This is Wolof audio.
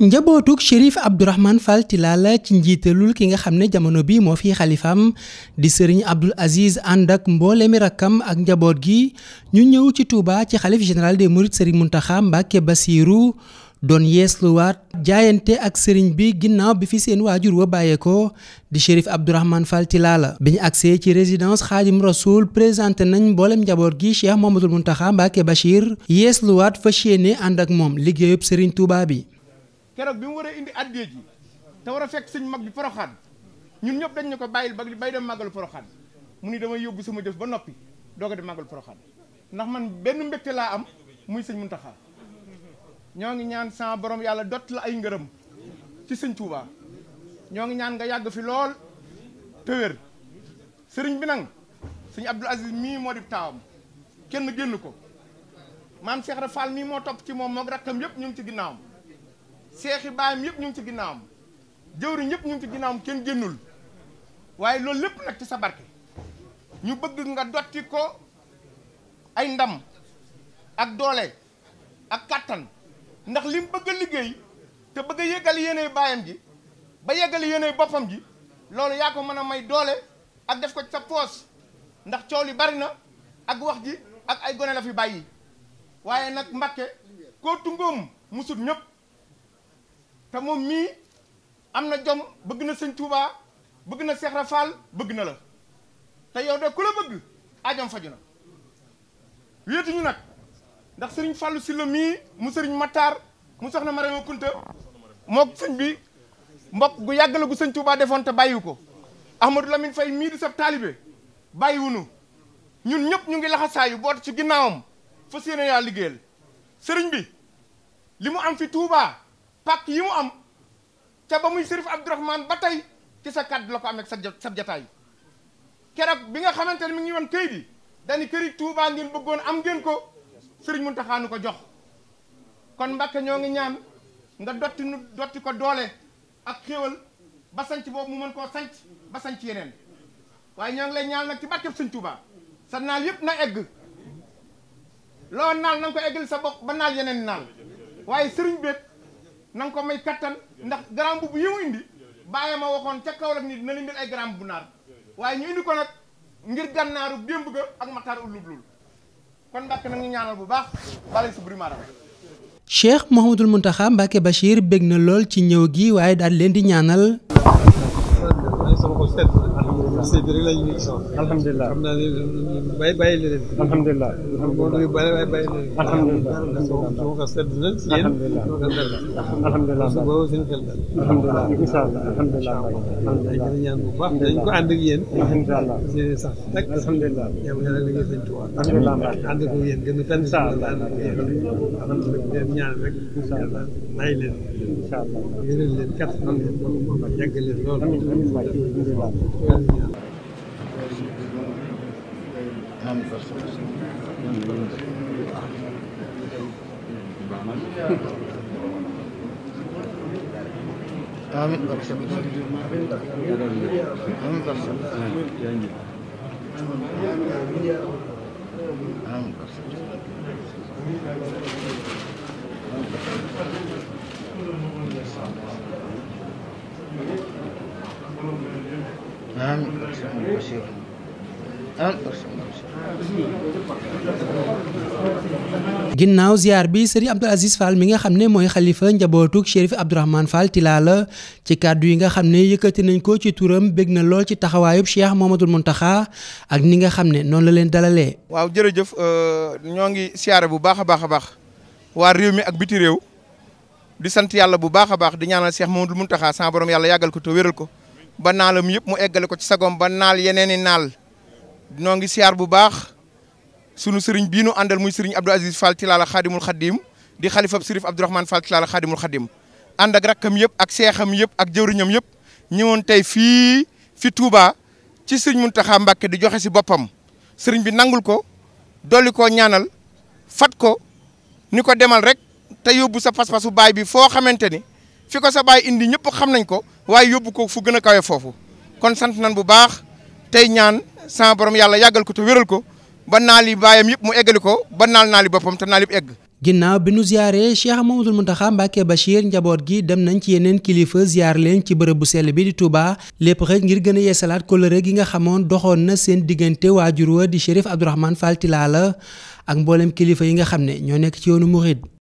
njabootuk shérif Abdourahmane Fall Tilala ci njiitalul ki nga xam ne jamono bi moo fi xalifaam di sëriñ Abdul Aziz ànd ak mboolemi rakkam ak njaboot gi ñu ñëw ci Touba ci xalif général des Mourides sëriñ Mountakha Mbacké Bassirou doon waat jaayante ak sëriñ bi ginnaaw bi fi seen waajur wa bàyyeekoo di shérif Abdourahmane Fall Tilala bi ñu agsee ci résidence Xaadim Rasoul présenté nañ mboolem njaboot gi Cheikh Mouhamadoul Mountakha Mbacké Bachir yeesluwaat fas yéene ànd ak moom liggéeyub sëriñ Touba bi keroog bi mu war a indi addiya ji te war a fekk sëñ mag bi poroxaan ñun ñëpp dañ ne ko bàyyil ba bay dem màggalu poroxaan mu ni damay yóbbu sama jëf ba noppi doog a dem màggalu poroxaan ndax man benn mbégte laa am muy sëñ Muntaxa ñoo ngi ñaan sama borom yàlla dott la ay ngërëm ci sëñ Touba ñoo ngi ñaan nga yàgg fi lool te sëriñ bi nag sëñ Abdul Aziz mii moo di taawam kenn génn ko maam Cheikh Rafal mii moo topp ci moom moog rakkam yëpp ñu ngi ci ginnaawam seexi baayam yëpp ñu ngi ci ginnaawam jëwriñ yëpp ñu ngi ci ginnaawam kenn génnul waaye loolu lépp nag ci sa barke ñu bëgg nga dotti ko ay ndam ak doole ak kàttan ndax li bëgg a liggéey te bëgg a yëgal yéenay baayam ji ba yëgal yéenay boppam ji loolu yaa ko mën a may doole ak def ko ci sa poos ndax coow li bari na ak wax ji ak ay gone la fi bàyyi waaye nag Mbàkke koo tungoom musut ñëpp te moom mii am na jom bëgg na sëñ Tuubaa bëgg na Seex Rafaal bëgg na la te yow de ku la bëgg ajam faju na wéetuñu nag ndax sëriñ si Sylla mii mu sëriñ Matar mu soxna Marema Kunta mook sëñ bi mbokk gu yàgg la gu sëñ Tuubaa defoon te bàyyiwu ko Ahmadou Lamine Faye mii di sab taalibe bàyyiwunu ñun ñëpp ñu ngi laxasaayu boot ci ginnaawam fas yéene yaa liggéeyal sëriñ bi li mu am fi Tuubaa pàcc yi mu am ca ba muy sërif Abdourahmane ba tey ci sa kàddu la ko amee sa sa jataay keroog bi nga xamante ne mu ngi woon këyit yi dañu këri Touba ngeen bëggoon am ngeen ko sëriñ Mountakha nu ko jox kon Mbàkke ñoo ngi ñaan nga dotti nu dotti ko doole ak xéewal ba sanc boobu mu mën koo sanc ba sanc yeneen waaye ñoo ngi lay ñaan nag ci barkeb sëñ Touba sa naal yëpp na egg loo naal na ko eggal sa bopp ba naal yeneen naal waaye sëriñ bépp nanga ko may kàttan ndax grand mbubb yi mu indi bàyyi ma waxoon ca kaw rek ni dina leen ay grand bu naar waaye ñu indi ko nag ngir gànnaaru démb ga ak mataar ulub lul kon Mbàkke na ñu ñaanal bu baax bala su buri maaram Cheikh Mouhamadul Mountakha Mbacke Bachir na lool ci ñëw gi waaye daal leen di ñaanal ko set sedd rek lañu ñu sonn alhamdulilah xam naa ne bàyyi bàyyi leen alhamdulilah boo duggee bàyyi waaye bàyyi leen alhamdulilah soo ko sedd na si yéen soo ko dal alhamdulilah su boobu seen xel dal alhamdulilah incha allah alhamdulilah dañ gën a ñaan bu baax dañ ko ànd ak yéen incha allah si sax tak alhamdulilah yow yàlla liggéey sañ tuwaat alhamdulilah ànd ko yéen gën a tànn si ànd ak yéen alhamdulilah ñaan rek yàlla may leen incha allah yëral leen kat am leen yàgg leen loolu Amin. Amin. Amin. آمين ginnaaw ziar bi sëriñ Abdoul Aziz Fall mi nga xam ne mooy xalifa njabootug Chérif Abdourahmane Fall Tilala ci kàddu yi nga xam ne yëkkati nañ ko ci turam bég na lool ci taxawaayub Cheikh Mouhamadoul Mountakha ak ni nga xam ne noonu la leen dalalee. waaw jërëjëf euh, ñoo ngi siyaare bu baax a baax a baax waa réew mi ak biti réew di sant yàlla bu baax a baax di ñaanal Cheikh Mouhamadoul Mountakha sa borom yàlla yàggal ko te wéral ko. ba naalam yëpp mu eggale ko ci sagom ba naal yeneeni naal noo ngi siyaar bu baax sunu sëriñ bii nu àndal muy sëriñ Abdou Aziz Fall Tilala xaadimul xaddim di xalifab sërif Abdourahmane Fall Tilala xaadimul xaddim ànd ak rakkam yëpp ak seexam yëpp ak jëwriñam yëpp ñëwoon tey fii fi Touba ci sëriñ Mountakha Mbacké di joxe si boppam sëriñ bi nangul ko dolli ko ñaanal fat ko ni ko demal rek te yóbbu sa pas-pasu baay bi foo xamante ni fi ko sa baay indi ñëpp xam nañ ko waaye yóbbu ko fu gën a kawe foofu kon sant nañ bu baax tey ñaan sama borom yàlla yàggal ko te wéral ko ba naal yi baayam yëpp mu eggali ko ba naal naali boppam te naal yëpp egg ginnaaw bi nu ziare Cheikh Mamadou Mountakha Mbacké Bachir njaboot gi dem nañ ci yeneen kilifa ziar leen ci bërëb bu sell bi di Touba lépp rek ngir gën a yeesalaat kóllëre gi nga xamoon doxoon na seen diggante waajur wa di Chérif Abdourahmane Fall Tilala ak mboolem kilifa yi nga xam ne ñoo nekk ci yoonu Mouride.